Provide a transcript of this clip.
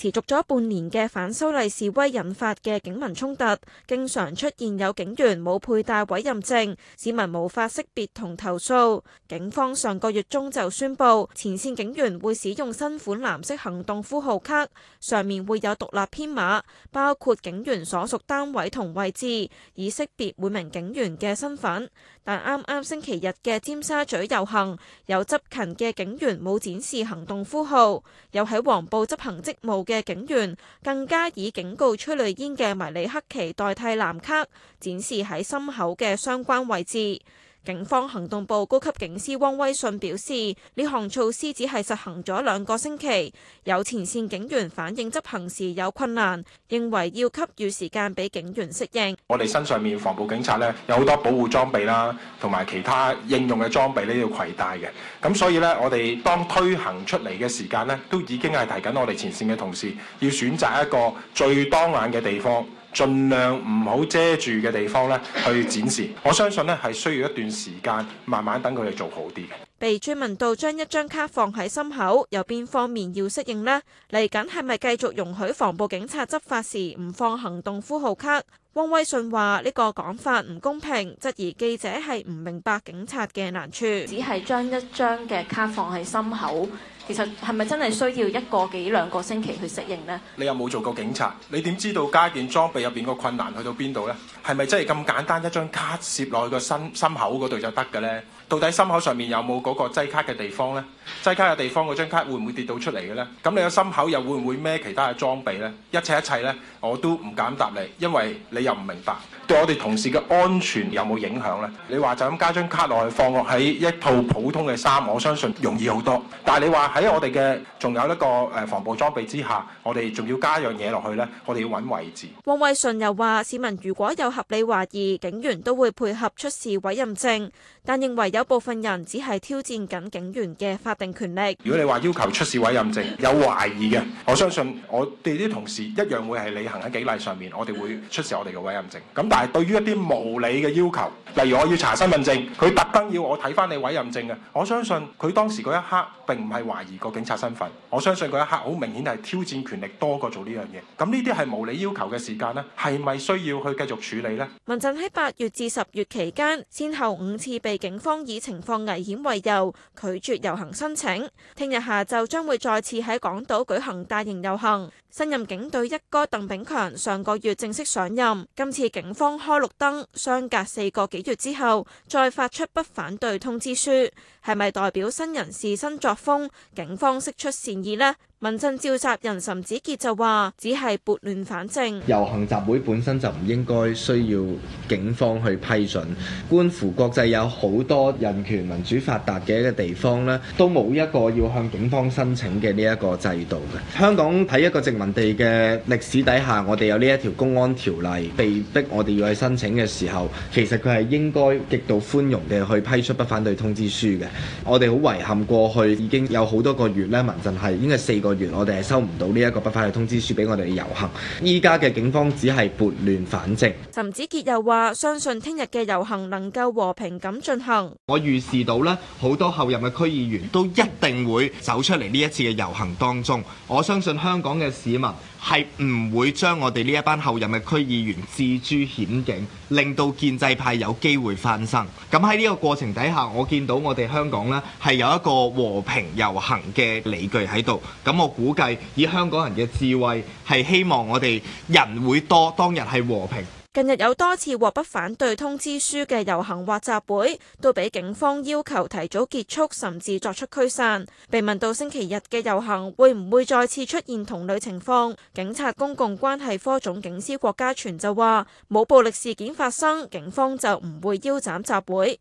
持續咗半年嘅反修例示威引發嘅警民衝突，經常出現有警員冇佩戴委任證，市民無法識別同投訴。警方上個月中就宣布，前線警員會使用新款藍色行動呼號卡，上面會有獨立編碼，包括警員所屬單位同位置，以識別每名警員嘅身份。但啱啱星期日嘅尖沙咀遊行，有執勤嘅警員冇展示行動呼號，有喺黃埔執行職務嘅警員更加以警告催淚煙嘅迷你黑旗代替藍卡，展示喺心口嘅相關位置。警方行動部高級警司汪威信表示，呢項措施只係實行咗兩個星期，有前線警員反映執行時有困難，認為要給予時間俾警員適應。我哋身上面防暴警察呢，有好多保護裝備啦，同埋其他應用嘅裝備呢要攜帶嘅，咁所以呢，我哋當推行出嚟嘅時間呢，都已經係提緊我哋前線嘅同事要選擇一個最當眼嘅地方。盡量唔好遮住嘅地方咧，去展示。我相信呢係需要一段時間，慢慢等佢哋做好啲。被追問到將一張卡放喺心口，有邊方面要適應呢？嚟緊係咪繼續容許防暴警察執法時唔放行動呼號卡？汪威信話呢個講法唔公平，質疑記者係唔明白警察嘅難處，只係將一張嘅卡放喺心口，其實係咪真係需要一個幾兩個星期去適應呢？你有冇做過警察？你點知道加件裝備入邊個困難去到邊度呢？係咪真係咁簡單一張卡攝落去個心心口嗰度就得嘅呢？到底心口上面有冇嗰個擠卡嘅地方呢？擠卡嘅地方嗰張卡會唔會跌到出嚟嘅呢？咁你個心口又會唔會孭其他嘅裝備呢？一切一切呢，我都唔敢答你，因為你。又唔明白。對我哋同事嘅安全有冇影響呢？你話就咁加張卡落去放落喺一套普通嘅衫，我相信容易好多。但係你話喺我哋嘅仲有一個誒防暴裝備之下，我哋仲要加樣嘢落去呢？我哋要揾位置。黃偉順又話：市民如果有合理懷疑，警員都會配合出示委任證，但認為有部分人只係挑戰緊警員嘅法定權力。如果你話要求出示委任證，有懷疑嘅，我相信我哋啲同事一樣會係履行喺紀例上面，我哋會出示我哋嘅委任證。對對於一啲無理嘅要求，例如我要查身份證，佢特登要我睇返你委任證嘅。我相信佢當時嗰一刻並唔係懷疑過警察身份，我相信佢嗰一刻好明顯係挑戰權力多過做呢樣嘢。咁呢啲係無理要求嘅時間呢係咪需要去繼續處理呢？民陣喺八月至十月期間，先後五次被警方以情況危險為由拒絕遊行申請。聽日下晝將會再次喺港島舉行大型遊行。新任警隊一哥鄧炳強上個月正式上任，今次警方。開綠燈，相隔四個幾月之後再發出不反對通知書，係咪代表新人事新作風？警方釋出善意呢？民陣召集人岑子杰就話，只係撥亂反正。遊行集會本身就唔應該需要警方去批准。關乎國際有好多人權民主發達嘅一個地方咧，都冇一個要向警方申請嘅呢一個制度嘅。香港喺一個殖民地嘅歷史底下，我哋有呢一條公安條例，被迫我哋要去申請嘅時候，其實佢係應該極度寬容地去批出不反對通知書嘅。我哋好遺憾過去已經有好多個月咧，民陣係已經係四個個月我哋係收唔到呢一個不反對嘅通知書俾我哋嘅遊行，依家嘅警方只係撥亂反正。岑子傑又話：相信聽日嘅遊行能夠和平咁進行。我預示到咧，好多後任嘅區議員都一定會走出嚟呢一次嘅遊行當中。我相信香港嘅市民係唔會將我哋呢一班後任嘅區議員置諸險境，令到建制派有機會翻身。咁喺呢個過程底下，我見到我哋香港咧係有一個和平遊行嘅理據喺度。咁我估計以香港人嘅智慧，係希望我哋人會多，當日係和平。近日有多次獲不反對通知書嘅遊行或集會，都俾警方要求提早結束，甚至作出驅散。被問到星期日嘅遊行會唔會再次出現同類情況，警察公共關係科總警司郭嘉銓就話：冇暴力事件發生，警方就唔會腰斬集會。